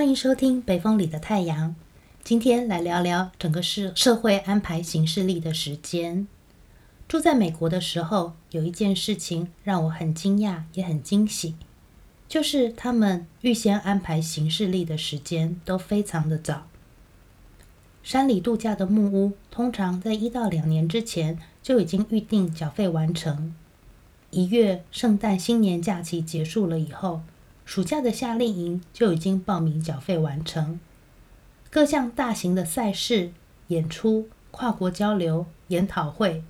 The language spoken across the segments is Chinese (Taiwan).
歡迎收聽《北風裡的太陽》。今天來聊聊整個社社會安排行事曆的時間。住在美國的時候，有一件事情讓我很驚訝，也很驚喜，就是他們預先安排行事曆的時間都非常的早。山裡度假的木屋，通常在一到兩年之前就已經預定、繳費完成。一月聖誕新年假期結束了以後，暑假的夏令營就已經報名繳費完成，各項大型的賽事、演出、跨國交流、研討會，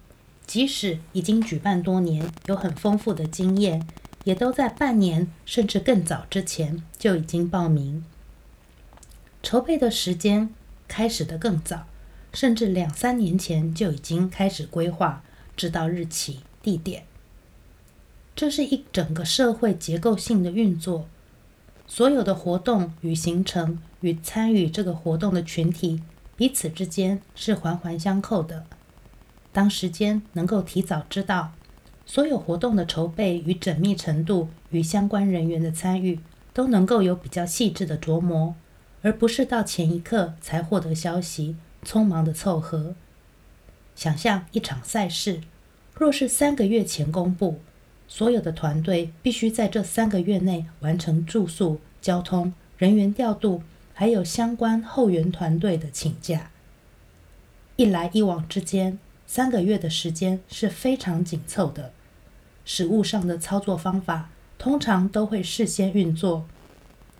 即使已經舉辦多年，有很豐富的經驗，也都在半年甚至更早之前就已經報名，籌備的時間開始的更早，甚至兩三年前就已經開始規劃，知道日期、地點。這是一整個社會結構性的運作，所有的活動與行程，與參與這個活動的群體，彼此之間是環環相扣的。當時間能夠提早知道，所有活動的籌備與縝密程度，與相關人員的參與，都能夠有比較細緻的琢磨，而不是到前一刻才獲得消息，匆忙的湊合。想象一場賽事，若是三個月前公布，所有的團隊必須在這三個月內完成住宿、交通、人員調度，還有相關後援團隊的請假。一來一往之間，三個月的時間是非常緊湊的。實務上的操作方法，通常都會事先運作，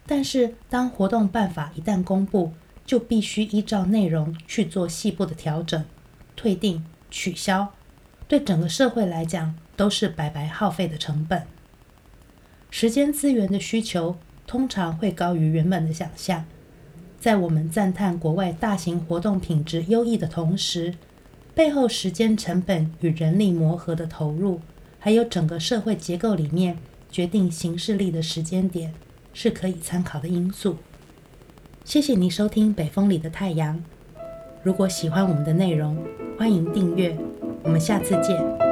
但是當活動辦法一旦公布，就必須依照內容去做細部的調整、退訂、取消。對整個社會來講，都是白白耗費的成本。時間資源的需求，通常會高於原本的想象。在我們讚嘆國外大型活動品質優異的同時，背後時間成本與人力磨合的投入，還有整個社會結構裡面決定行事曆的時間點，是可以參考的因素。謝謝您收聽《北風裡的太陽》。如果喜歡我們的內容，歡迎訂閱。我們下次見。